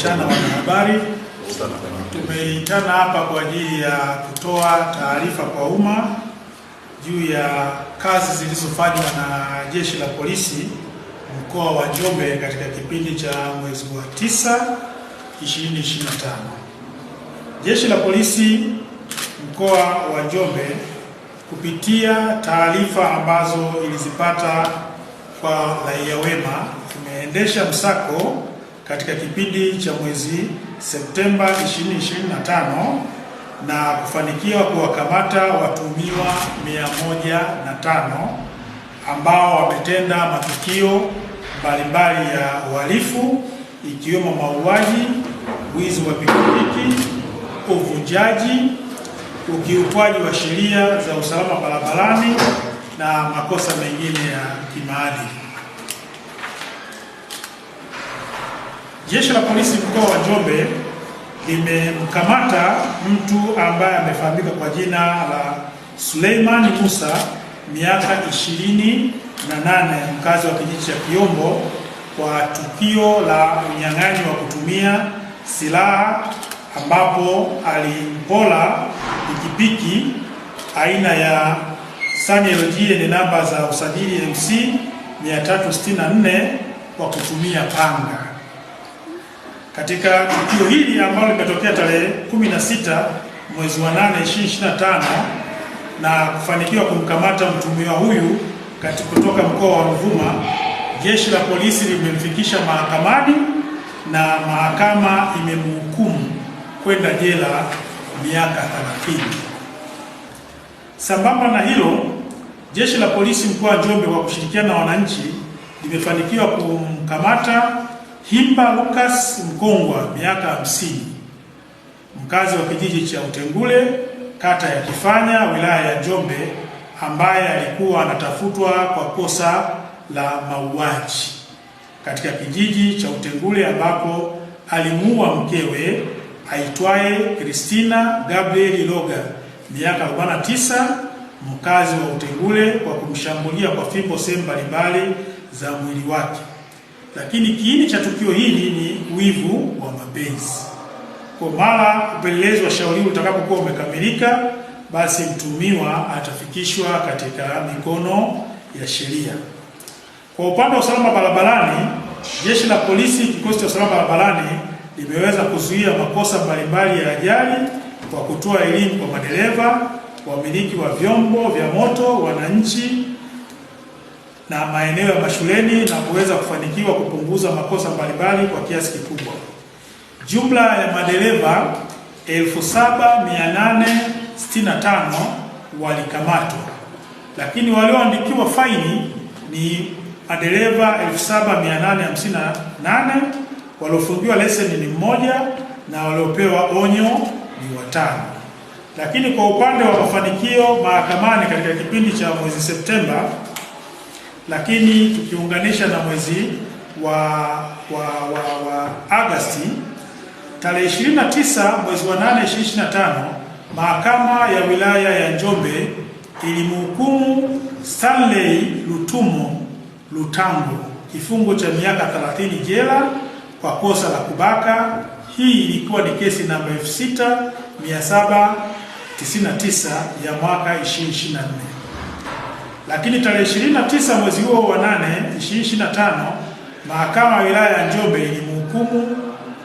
Chana wanahabari, tumeitana hapa kwa ajili ya kutoa taarifa kwa umma juu ya kazi zilizofanywa na Jeshi la Polisi mkoa wa Njombe katika kipindi cha mwezi wa tisa 2025. Jeshi la Polisi mkoa wa Njombe kupitia taarifa ambazo ilizipata kwa raia wema imeendesha msako katika kipindi cha mwezi Septemba 2025 na kufanikiwa kuwakamata watuhumiwa 105 ambao wametenda matukio mbalimbali ya uhalifu ikiwemo mauaji, wizi wa pikipiki, uvunjaji, ukiukwaji wa sheria za usalama barabarani na makosa mengine ya kimaadili. Jeshi la polisi mkoa wa Njombe limemkamata mtu ambaye amefahamika kwa jina la Suleiman Musa miaka ishirini na nane mkazi wa kijiji cha Kiombo kwa tukio la unyang'anyi wa kutumia silaha ambapo alimpola pikipiki aina ya Sani LG yenye namba za usajili MC 364 kwa kutumia panga katika tukio hili ambalo limetokea tarehe 16 mwezi wa 8 2025 na kufanikiwa kumkamata mtuhumiwa huyu katika kutoka mkoa wa Ruvuma, jeshi la polisi limemfikisha mahakamani na mahakama imemhukumu kwenda jela miaka 30. Sambamba na hilo, jeshi la polisi mkoa wa Njombe kwa kushirikiana na wananchi limefanikiwa kumkamata Himba Lucas Mkongwa miaka 50, mkazi wa kijiji cha Utengule kata ya Kifanya wilaya ya Njombe, ambaye alikuwa anatafutwa kwa kosa la mauaji katika kijiji cha Utengule ambapo alimuua mkewe aitwaye Christina Gabriel Loga miaka 49 mkazi wa Utengule kwa kumshambulia kwa fimbo sehemu mbalimbali za mwili wake lakini kiini cha tukio hili ni wivu wa mapenzi. Kwa mara upelelezi wa shauri utakapokuwa umekamilika, basi mtumiwa atafikishwa katika mikono ya sheria. Kwa upande wa usalama barabarani, jeshi la polisi kikosi cha usalama barabarani limeweza kuzuia makosa mbalimbali ya ajali kwa kutoa elimu kwa madereva, wamiliki wa vyombo vya moto, wananchi na maeneo ya mashuleni na kuweza kufanikiwa kupunguza makosa mbalimbali kwa kiasi kikubwa. Jumla ya madereva 7865 walikamatwa, lakini walioandikiwa faini ni madereva 7858, waliofungiwa leseni ni mmoja na waliopewa onyo ni watano. Lakini kwa upande wa mafanikio mahakamani katika kipindi cha mwezi Septemba lakini tukiunganisha na mwezi wa wa, wa, wa Agosti tarehe 29 mwezi wa 8 2025 mahakama ya wilaya ya Njombe ilimhukumu Stanley Lutumo Lutango kifungo cha miaka 30 jela kwa kosa la kubaka. Hii ilikuwa ni kesi namba 6799 ya mwaka 2024. Lakini tarehe 29 mwezi huo wa 8 2025 mahakama ya wilaya ya Njombe ilimhukumu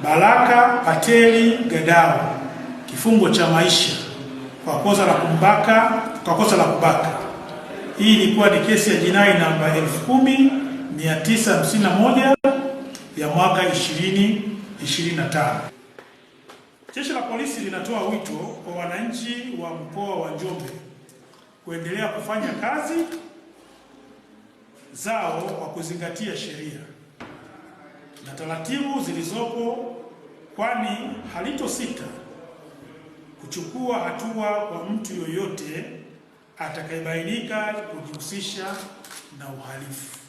Baraka Pateli Gadao kifungo cha maisha kwa kosa la kumbaka, kwa kosa la kubaka. Hii ilikuwa ni kesi ya jinai namba 10951 ya mwaka 2025. Jeshi la polisi linatoa wito kwa wananchi wa mkoa wa Njombe kuendelea kufanya kazi zao kwa kuzingatia sheria na taratibu zilizopo, kwani halitosita kuchukua hatua kwa mtu yoyote atakayebainika kujihusisha na uhalifu.